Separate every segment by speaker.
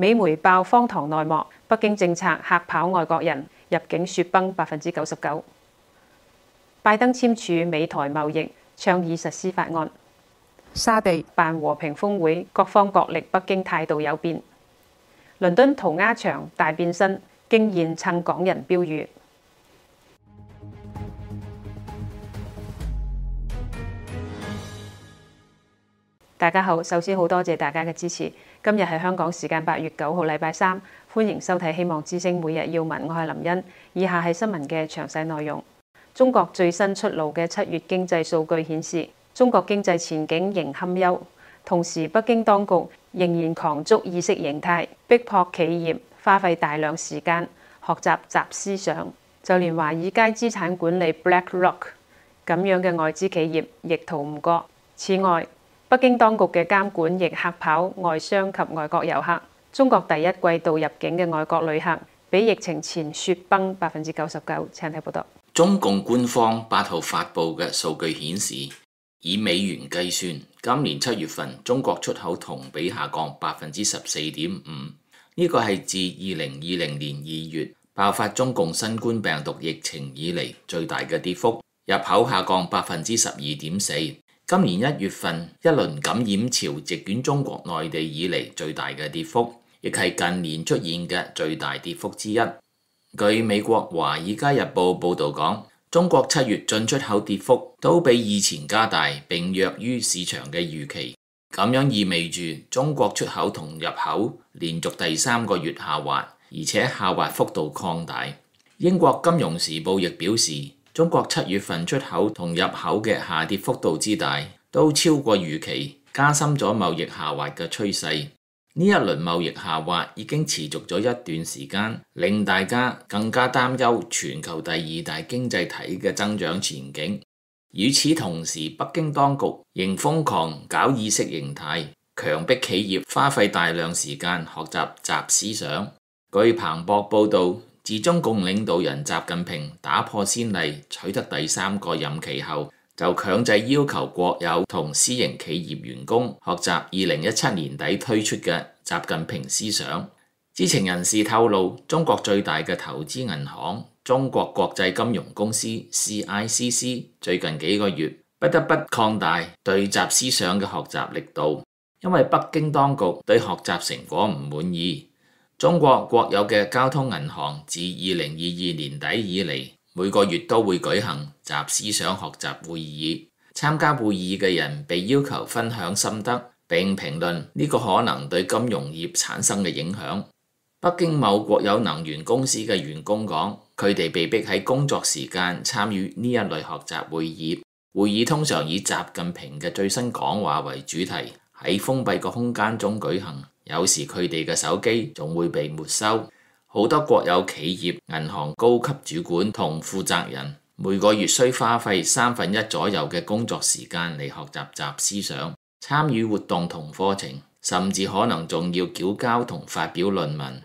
Speaker 1: 美媒爆荒唐內幕，北京政策嚇跑外國人入境雪崩百分之九十九。拜登簽署美台貿易倡議實施法案。沙地辦和平峰會各方角力，北京態度有變。倫敦塗鴉牆大變身，驚現撐港人標語。大家好，首先好多謝大家嘅支持。今日係香港時間八月九號，禮拜三，歡迎收睇《希望之聲》每日要聞。我係林茵，以下係新聞嘅詳細內容。中國最新出爐嘅七月經濟數據顯示，中國經濟前景仍堪憂。同時，北京當局仍然狂抓意識形態，逼迫企業花費大量時間學習習思想。就連華爾街資產管理 BlackRock 咁樣嘅外資企業，亦逃唔過。此外，北京當局嘅監管亦嚇跑外商及外國遊客。中國第一季度入境嘅外國旅客比疫情前雪崩百分之九十九。請睇報道。
Speaker 2: 中共官方八號發布嘅數據顯示，以美元計算，今年七月份中國出口同比下降百分之十四點五，呢、這個係自二零二零年二月爆發中共新冠病毒疫情以嚟最大嘅跌幅。入口下降百分之十二點四。今年一月份一輪感染潮，席捲中國內地以嚟最大嘅跌幅，亦係近年出現嘅最大跌幅之一。據美國華爾街日報報道，講中國七月進出口跌幅都比以前加大，並弱於市場嘅預期。咁樣意味住中國出口同入口連續第三個月下滑，而且下滑幅度擴大。英國金融時報亦表示。中國七月份出口同入口嘅下跌幅度之大，都超過預期，加深咗貿易下滑嘅趨勢。呢一輪貿易下滑已經持續咗一段時間，令大家更加擔憂全球第二大經濟體嘅增長前景。與此同時，北京當局仍瘋狂搞意識形態，強迫企業花費大量時間學習習思想。據彭博報道。自中共領導人習近平打破先例，取得第三個任期後，就強制要求國有同私營企業員工學習二零一七年底推出嘅習近平思想。知情人士透露，中國最大嘅投資銀行中國國際金融公司 CICC 最近幾個月不得不擴大對習思想嘅學習力度，因為北京當局對學習成果唔滿意。中國國有嘅交通銀行自二零二二年底以嚟，每個月都會舉行習思想學習會議，參加會議嘅人被要求分享心得並評論呢個可能對金融業產生嘅影響。北京某國有能源公司嘅員工講，佢哋被迫喺工作時間參與呢一類學習會議，會議通常以習近平嘅最新講話為主題，喺封閉個空間中舉行。有時佢哋嘅手機仲會被沒收。好多國有企業、銀行高級主管同負責人每個月需花費三分一左右嘅工作時間嚟學習習思想、參與活動同課程，甚至可能仲要繳交同發表論文。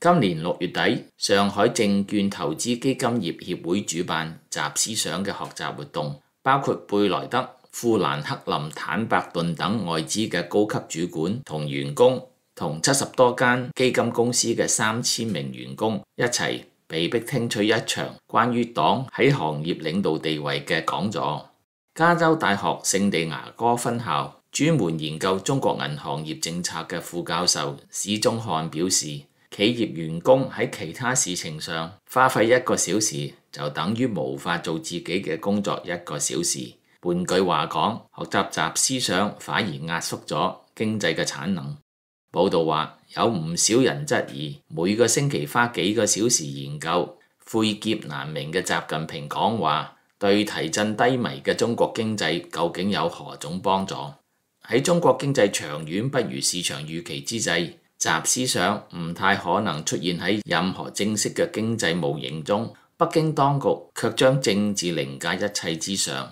Speaker 2: 今年六月底，上海證券投資基金業協會主辦習思想嘅學習活動，包括貝萊德、富蘭克林坦白頓等外資嘅高級主管同員工。同七十多間基金公司嘅三千名員工一齊被逼聽取一場關於黨喺行業領導地位嘅講座。加州大學聖地牙哥分校專門研究中國銀行業政策嘅副教授史宗漢表示，企業員工喺其他事情上花費一個小時，就等於無法做自己嘅工作一個小時。換句話講，學習集思想反而壓縮咗經濟嘅產能。報道話有唔少人質疑，每個星期花幾個小時研究晦澀難明嘅習近平講話，對提振低迷嘅中國經濟究竟有何種幫助？喺中國經濟長遠不如市場預期之際，習思想唔太可能出現喺任何正式嘅經濟模型中。北京當局卻將政治凌駕一切之上。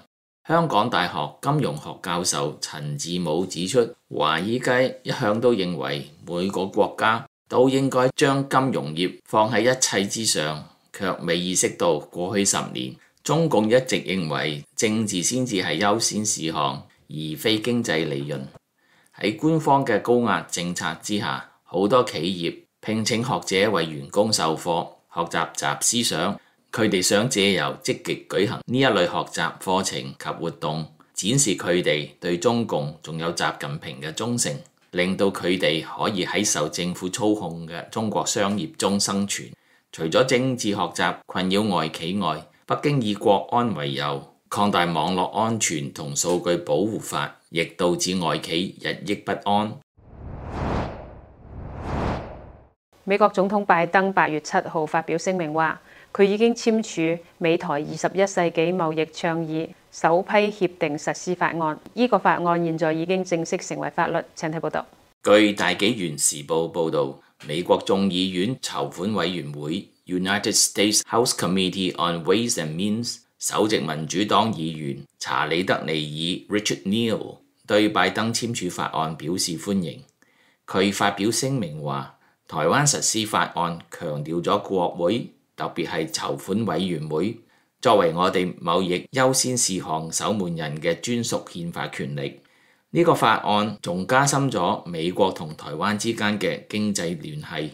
Speaker 2: 香港大學金融學教授陳志武指出，華爾街一向都認為每個國家都應該將金融業放喺一切之上，卻未意識到過去十年中共一直認為政治先至係優先事項，而非經濟利潤。喺官方嘅高壓政策之下，好多企業聘請學者為員工授課，學習習思想。佢哋想借由積極舉行呢一類學習課程及活動，展示佢哋對中共仲有習近平嘅忠誠，令到佢哋可以喺受政府操控嘅中國商業中生存。除咗政治學習困擾外企外，北京以國安為由擴大網絡安全同數據保護法，亦導致外企日益不安。
Speaker 1: 美國總統拜登八月七號發表聲明話，佢已經簽署美台二十一世紀貿易倡議首批協定實施法案，呢個法案現在已經正式成為法律。請睇報道。
Speaker 2: 據《大紀元時報》報導，美國眾議院籌款委員會 （United States House Committee on Ways and Means） 首席民主黨議員查理德尼爾 （Richard Neal） 對拜登簽署法案表示歡迎。佢發表聲明話，台灣實施法案強調咗國會。特別係籌款委員會，作為我哋貿易優先事項守門人嘅專屬憲法權力。呢、這個法案仲加深咗美國同台灣之間嘅經濟聯繫。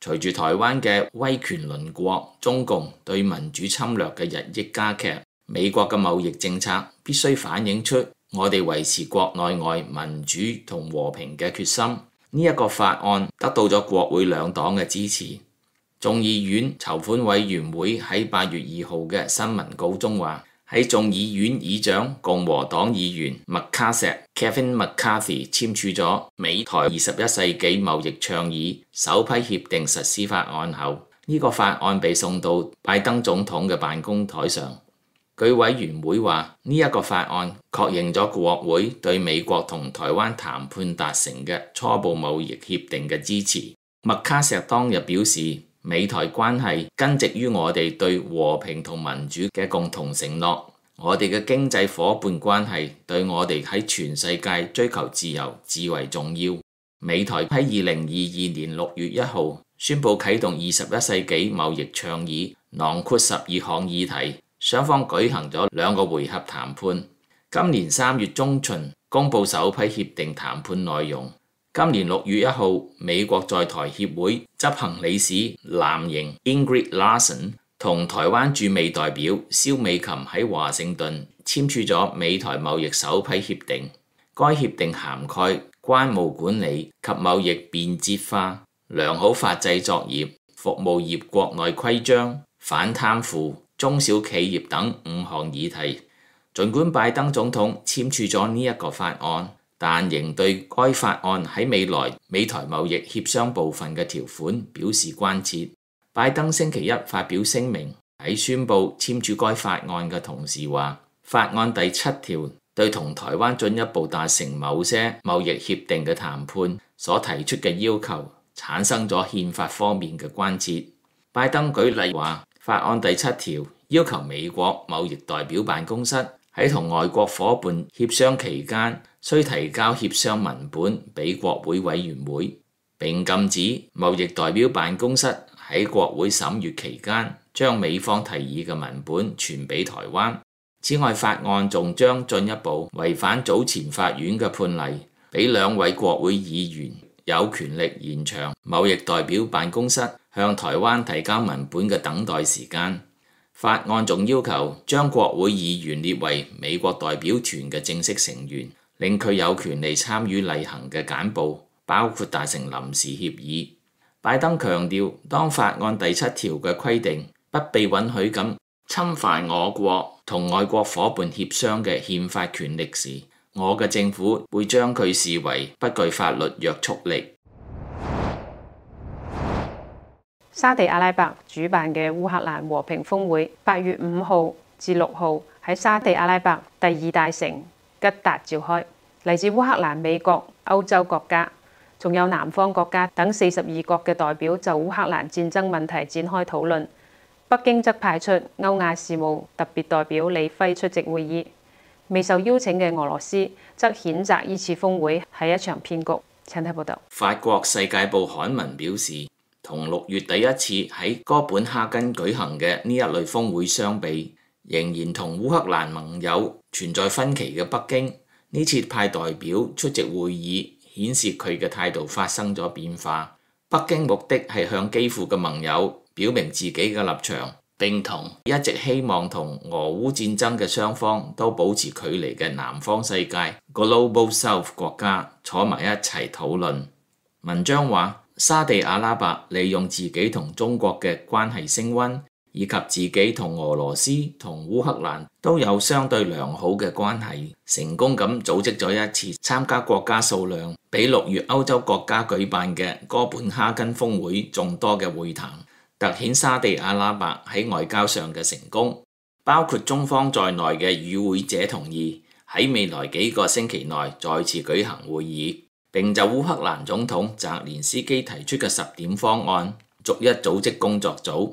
Speaker 2: 隨住台灣嘅威權鄰國中共對民主侵略嘅日益加劇，美國嘅貿易政策必須反映出我哋維持國內外民主同和，和平嘅決心。呢、這、一個法案得到咗國會兩黨嘅支持。眾議院籌款委員會喺八月二號嘅新聞稿中話，喺眾議院議長共和黨議員麥卡錫 Kevin McCarthy 簽署咗美台二十一世紀貿易倡議首批協定實施法案後，呢個法案被送到拜登總統嘅辦公台上。據委員會話，呢一個法案確認咗國會對美國同台灣談判達成嘅初步貿易協定嘅支持。麥卡錫當日表示，美台關係根植於我哋對和平同民主嘅共同承諾，我哋嘅經濟伙伴關係對我哋喺全世界追求自由至為重要。美台喺二零二二年六月一號宣布啟動二十一世紀貿易倡議，囊括十二項議題，雙方舉行咗兩個回合談判。今年三月中旬公佈首批協定談判內容。今年六月一號，美國在台協會執行理事藍鶯 Ingrid Larson 同台灣駐美代表蕭美琴喺華盛頓簽署咗美台貿易首批協定。該協定涵蓋關務管理及貿易便捷化、良好法制作業、服務業國內規章、反貪腐、中小企業等五項議題。儘管拜登總統簽署咗呢一個法案。但仍對該法案喺未來美台貿易協商部分嘅條款表示關切。拜登星期一發表聲明喺宣布簽署該法案嘅同時話，法案第七條對同台灣進一步達成某些貿易協定嘅談判所提出嘅要求產生咗憲法方面嘅關切。拜登舉例話，法案第七條要求美國貿易代表辦公室喺同外國夥伴協商期間。需提交協商文本俾國會委員會，並禁止貿易代表辦公室喺國會審閱期間將美方提議嘅文本傳俾台灣。此外，法案仲將進一步違反早前法院嘅判例，俾兩位國會議員有權力延長貿易代表辦公室向台灣提交文本嘅等待時間。法案仲要求將國會議員列為美國代表團嘅正式成員。令佢有權利參與例行嘅簡報，包括達成臨時協議。拜登強調，當法案第七條嘅規定不被允許咁侵犯我國同外國伙伴協商嘅憲法權力時，我嘅政府會將佢視為不具法律約束力。
Speaker 1: 沙地阿拉伯主辦嘅烏克蘭和平峰會，八月五號至六號喺沙地阿拉伯第二大城吉達召開，嚟自烏克蘭、美國、歐洲國家，仲有南方國家等四十二國嘅代表就烏克蘭戰爭問題展開討論。北京則派出歐亞事務特別代表李輝出席會議。未受邀請嘅俄羅斯則譴責呢次峰會係一場騙局。請睇報道。
Speaker 2: 法國世界報刊文表示，同六月第一次喺哥本哈根舉行嘅呢一類峰會相比，仍然同烏克蘭盟友存在分歧嘅北京，呢次派代表出席會議，顯示佢嘅態度發生咗變化。北京目的係向基輔嘅盟友表明自己嘅立場，並同一直希望同俄烏戰爭嘅雙方都保持距離嘅南方世界 Global South 國家坐埋一齊討論。文章話，沙地阿拉伯利用自己同中國嘅關係升温。以及自己同俄羅斯同烏克蘭都有相對良好嘅關係，成功咁組織咗一次參加國家數量比六月歐洲國家舉辦嘅哥本哈根峰會眾多嘅會談，凸顯沙地阿拉伯喺外交上嘅成功，包括中方在內嘅與會者同意喺未來幾個星期內再次舉行會議，並就烏克蘭總統澤連斯基提出嘅十點方案逐一組織工作組。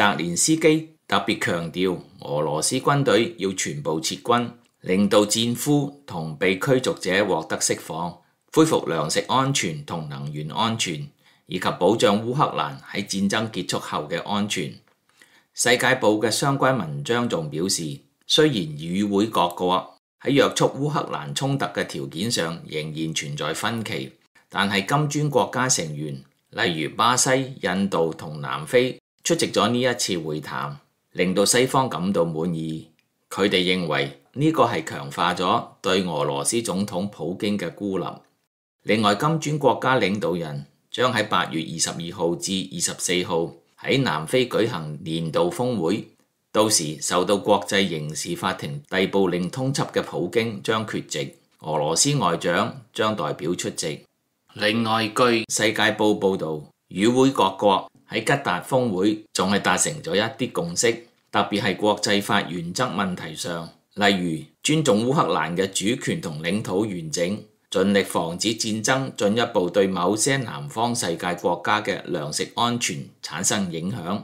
Speaker 2: 澤連斯基特別強調，俄羅斯軍隊要全部撤軍，令到戰俘同被驅逐者獲得釋放，恢復糧食安全同能源安全，以及保障烏克蘭喺戰爭結束後嘅安全。《世界報》嘅相關文章仲表示，雖然與會各國喺約束烏克蘭衝突嘅條件上仍然存在分歧，但係金磚國家成員，例如巴西、印度同南非。出席咗呢一次會談，令到西方感到滿意。佢哋認為呢、這個係強化咗對俄羅斯總統普京嘅孤立。另外，金磚國家領導人將喺八月二十二號至二十四號喺南非舉行年度峰會，到時受到國際刑事法庭逮捕令通緝嘅普京將缺席，俄羅斯外長將代表出席。另外據世界報報道與會各國。喺吉達峰會仲係達成咗一啲共識，特別係國際法原則問題上，例如尊重烏克蘭嘅主權同領土完整，盡力防止戰爭進一步對某些南方世界國家嘅糧食安全產生影響。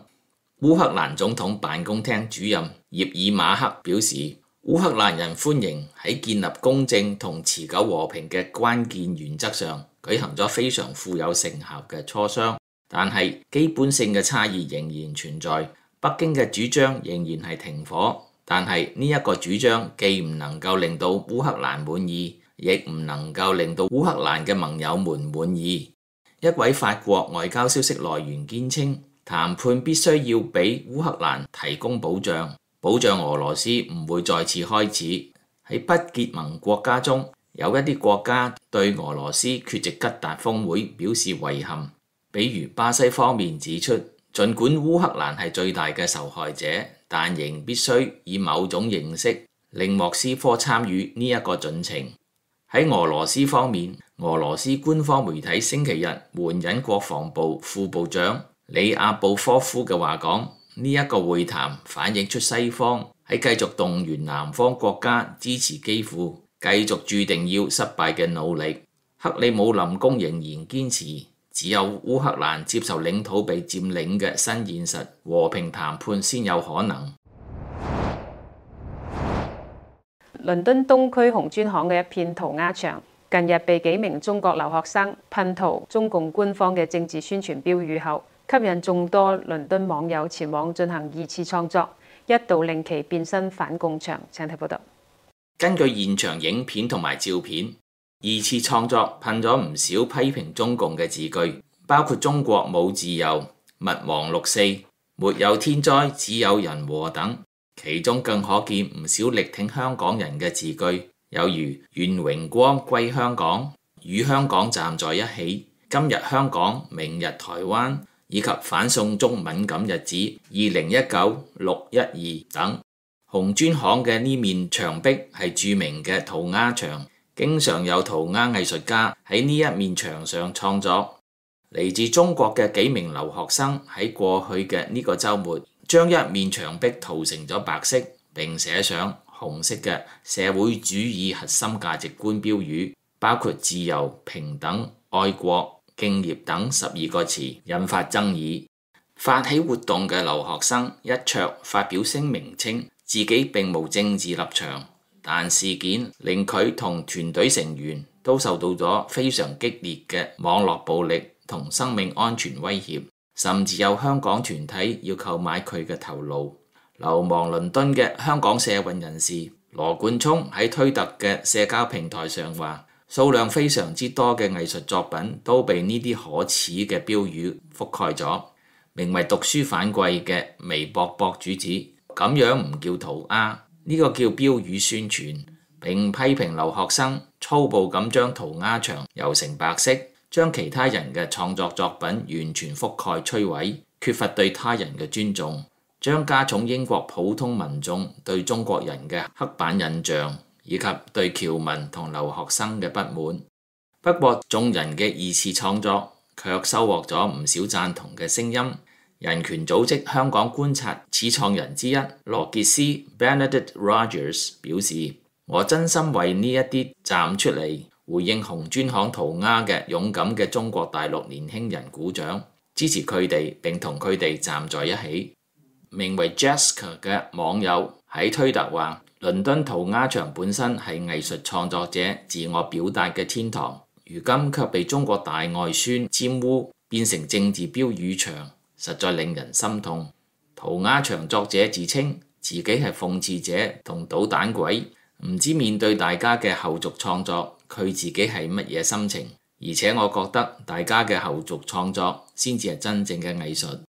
Speaker 2: 烏克蘭總統辦公廳主任葉爾馬克表示，烏克蘭人歡迎喺建立公正同持久和平嘅關鍵原則上舉行咗非常富有成效嘅磋商。但係基本性嘅差異仍然存在，北京嘅主張仍然係停火，但係呢一個主張既唔能夠令到烏克蘭滿意，亦唔能夠令到烏克蘭嘅盟友們滿意。一位法國外交消息來源堅稱，談判必須要俾烏克蘭提供保障，保障俄羅斯唔會再次開始。喺不結盟國家中，有一啲國家對俄羅斯缺席吉達峰會表示遺憾。比如巴西方面指出，儘管烏克蘭係最大嘅受害者，但仍必須以某種形式令莫斯科參與呢一個進程。喺俄羅斯方面，俄羅斯官方媒體星期日援引國防部副部長里亞布科夫嘅話講，呢、這、一個會談反映出西方喺繼續動員南方國家支持基輔繼續注定要失敗嘅努力。克里姆林宮仍然堅持。只有烏克蘭接受領土被佔領嘅新現實，和平談判先有可能。
Speaker 1: 倫敦東區紅磚巷嘅一片塗鴉牆，近日被幾名中國留學生噴塗中共官方嘅政治宣傳標語後，吸引眾多倫敦網友前往進行二次創作，一度令其變身反共牆。請睇報道。
Speaker 2: 根據現場影片同埋照片，二次創作噴咗唔少批評中共嘅字句，包括中國冇自由、勿忘六四、沒有天災只有人禍等，其中更可見唔少力挺香港人嘅字句，有如願榮光歸香港、與香港站在一起、今日香港、明日台灣以及反送中敏感日子二零一九六一二等。紅磚巷嘅呢面牆壁係著名嘅塗鴉牆。經常有塗鴉藝術家喺呢一面牆上創作。嚟自中國嘅幾名留學生喺過去嘅呢個週末，將一面牆壁塗成咗白色，並寫上紅色嘅社會主義核心價值觀標語，包括自由、平等、愛國、敬業等十二個詞，引發爭議。發起活動嘅留學生一桌發表聲明稱，自己並無政治立場。但事件令佢同團隊成員都受到咗非常激烈嘅網絡暴力同生命安全威脅，甚至有香港團體要購買佢嘅頭顱。流亡倫敦嘅香港社運人士羅冠聰喺推特嘅社交平台上話，數量非常之多嘅藝術作品都被呢啲可恥嘅標語覆蓋咗。名為讀書反季嘅微博博主指，咁樣唔叫塗鴉。呢個叫標語宣傳，並批評留學生粗暴咁將塗鴉牆油成白色，將其他人嘅創作作品完全覆蓋摧毀，缺乏對他人嘅尊重，將加重英國普通民眾對中國人嘅刻板印象，以及對僑民同留學生嘅不滿。不過，眾人嘅二次創作卻收穫咗唔少贊同嘅聲音。人權組織香港觀察始創人之一羅傑斯 （Benedict Rogers） 表示，我真心為呢一啲站出嚟回應紅磚巷塗鴉嘅勇敢嘅中國大陸年輕人鼓掌，支持佢哋並同佢哋站在一起。名為 Jessica 嘅網友喺推特話，倫敦塗鴉牆本身係藝術創作者自我表達嘅天堂，如今卻被中國大外宣沾污，變成政治標語牆。實在令人心痛。塗鴉牆作者自稱自己係諷刺者同搗蛋鬼，唔知面對大家嘅後續創作，佢自己係乜嘢心情？而且我覺得大家嘅後續創作先至係真正嘅藝術。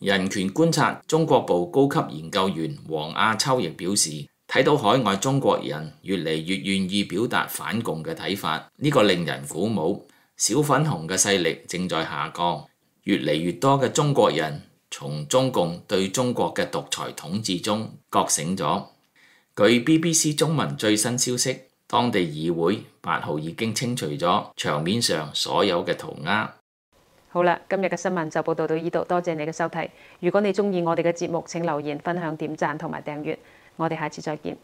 Speaker 2: 人權觀察中國部高級研究員王亞秋亦表示，睇到海外中國人越嚟越願意表達反共嘅睇法，呢個令人鼓舞。小粉紅嘅勢力正在下降。越嚟越多嘅中國人從中共對中國嘅獨裁統治中覺醒咗。據 BBC 中文最新消息，當地議會八號已經清除咗牆面上所有嘅塗鴉。
Speaker 1: 好啦，今日嘅新聞就報道到呢度，多謝你嘅收睇。如果你鍾意我哋嘅節目，請留言分享、點讚同埋訂閱。我哋下次再見。